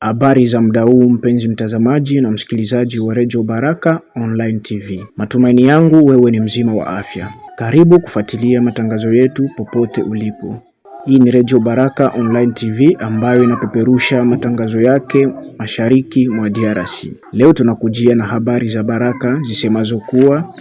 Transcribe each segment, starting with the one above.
Habari za muda huu mpenzi mtazamaji na msikilizaji wa Radio Baraka Online TV. Matumaini yangu wewe ni mzima wa afya. Karibu kufuatilia matangazo yetu popote ulipo. Hii ni Radio Baraka Online TV ambayo inapeperusha matangazo yake mashariki mwa DRC. Leo tunakujia na habari za baraka zisemazo kuwa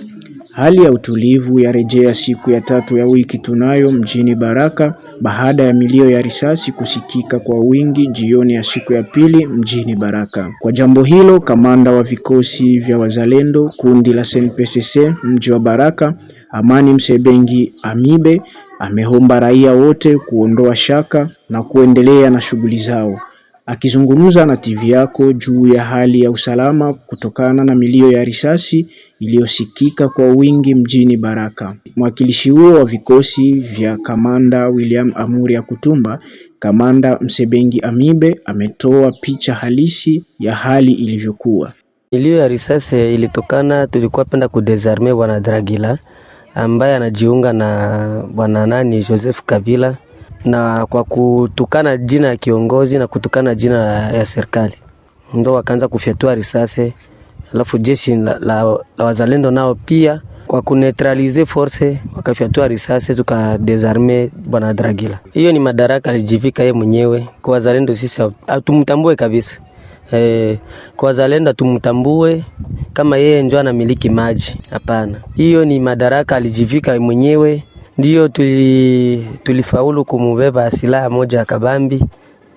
hali ya utulivu yarejea siku ya tatu ya wiki tunayo mjini Baraka baada ya milio ya risasi kusikika kwa wingi jioni ya siku ya pili mjini Baraka. Kwa jambo hilo, kamanda wa vikosi vya wazalendo kundi la SNPCC mji wa Baraka, Amani Msebengi Amibe, ameomba raia wote kuondoa shaka na kuendelea na shughuli zao akizungumza na TV yako juu ya hali ya usalama kutokana na milio ya risasi iliyosikika kwa wingi mjini Baraka. Mwakilishi huo wa vikosi vya Kamanda William Amuri ya kutumba Kamanda Msebengi Amibe ametoa picha halisi ya hali ilivyokuwa. Milio ya risasi ilitokana, tulikuwa penda kudesarme bwana Dragila ambaye anajiunga na bwana nani Joseph Kabila na kwa kutukana jina ya kiongozi na kutukana jina ya serikali, ndo wakaanza kufyatua risasi. Alafu jeshi la, la, la wazalendo nao pia kwa kunetralize force wakafyatua risasi, desarme bwana Dragila. Hiyo ni madaraka alijivika yeye mwenyewe. Kwa wazalendo sisi hatumtambue kabisa e, kwa wazalendo tumtambue kama yeye ndio anamiliki maji, hapana. Hiyo ni madaraka alijivika mwenyewe. Ndiyo tulifaulu kumubeba silaha moja ya kabambi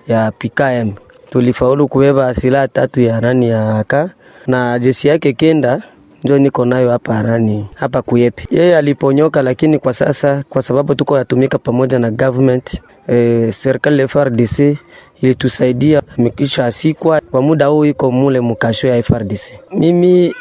ya PKM. Tulifaulu kubeba silaha tatu ya nani ya aka na jeshi yake kenda njo niko nayo hapa nani hapa kuyepe. Yeye aliponyoka, lakini kwa sasa kwa sababu tuko yatumika pamoja na government eh, serikali ya FRDC ilitusaidia, amekisha asikwa kwa muda huu iko mule mukasho ya FRDC. Mimi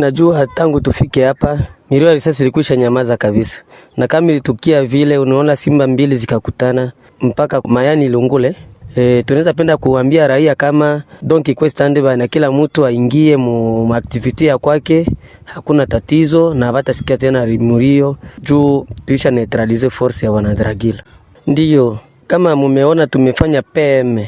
Najua tangu tufike hapa milio ya risasi ilikwisha nyamaza kabisa, na kama ilitukia vile, unaona simba mbili zikakutana mpaka mayani lungule. E, tunaweza penda kuambia raia kama Donkey Quest Andeba, na kila mtu aingie mu activity ya kwake, hakuna tatizo na hata sikia tena rimurio juu tuisha neutralize force ya wanadragila. Ndio kama mumeona tumefanya PM,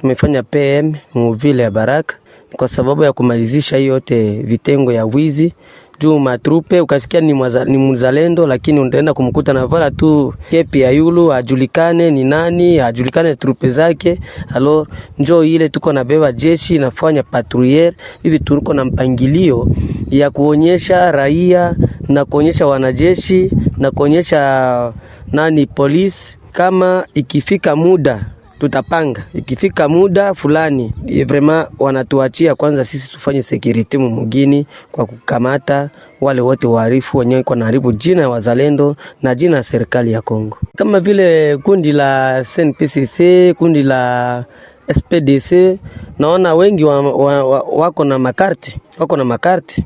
tumefanya PM mu vile ya Baraka kwa sababu ya kumalizisha hiyo yote vitengo ya wizi juu matrupe ukasikia ni, mwaza, ni mzalendo lakini unaenda kumkuta na vala tu kepi ya yulu ajulikane ni nani, ajulikane trupe zake. Alo njo ile tuko na beba jeshi nafanya patrouille hivi, tuko na mpangilio ya kuonyesha raia na kuonyesha wanajeshi na kuonyesha nani polisi, kama ikifika muda tutapanga ikifika muda fulani, eh, vrema, wanatuachia kwanza sisi tufanye sekuriti mumugini kwa kukamata wale wote waharifu wenye kwa naharibu jina ya wazalendo na jina ya serikali ya Kongo, kama vile kundi la SNPCC, kundi la SPDC. Naona wengi wa, wa, wa, wako na makarti, wako na makarti.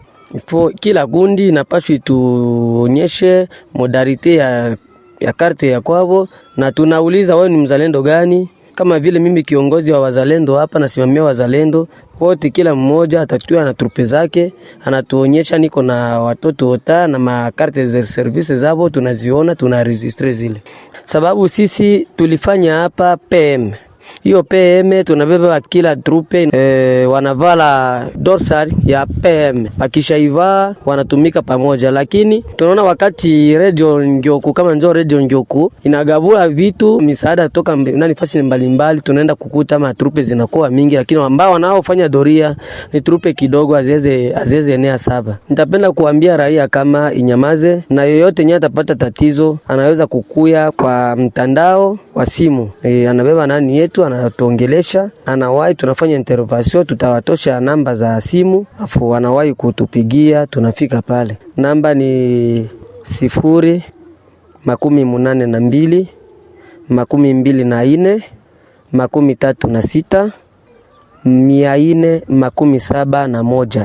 Kila gundi inapaswa tuonyeshe modalite ya, ya karti ya kwavo, na tunauliza wewe ni mzalendo gani kama vile mimi kiongozi wa wazalendo hapa, nasimamia wazalendo wote, kila mmoja atatua na trupe zake, anatuonyesha niko na watoto wota na makarte za service zao, tunaziona tunaregistre zile, sababu sisi tulifanya hapa PM hiyo PM tunabeba kila trupe e, eh, wanavala dorsal ya PM, wakishaivaa wanatumika pamoja, lakini tunaona wakati radio Ngyoku kama njo radio Ngyoku inagabula vitu misaada toka nafasi mbalimbali, tunaenda kukuta ma trupe zinakuwa mingi, lakini ambao wanaofanya doria ni trupe kidogo, azeze enea saba. Nitapenda kuambia raia kama inyamaze, na yoyote nye atapata tatizo anaweza kukuya kwa mtandao wa simu e, anabeba nani yetu wetu anatuongelesha, anawahi, tunafanya intervention, tutawatosha namba za simu, afu wanawahi kutupigia, tunafika pale. Namba ni sifuri makumi munane na mbili makumi mbili na ine makumi tatu na sita mia ine makumi saba na moja.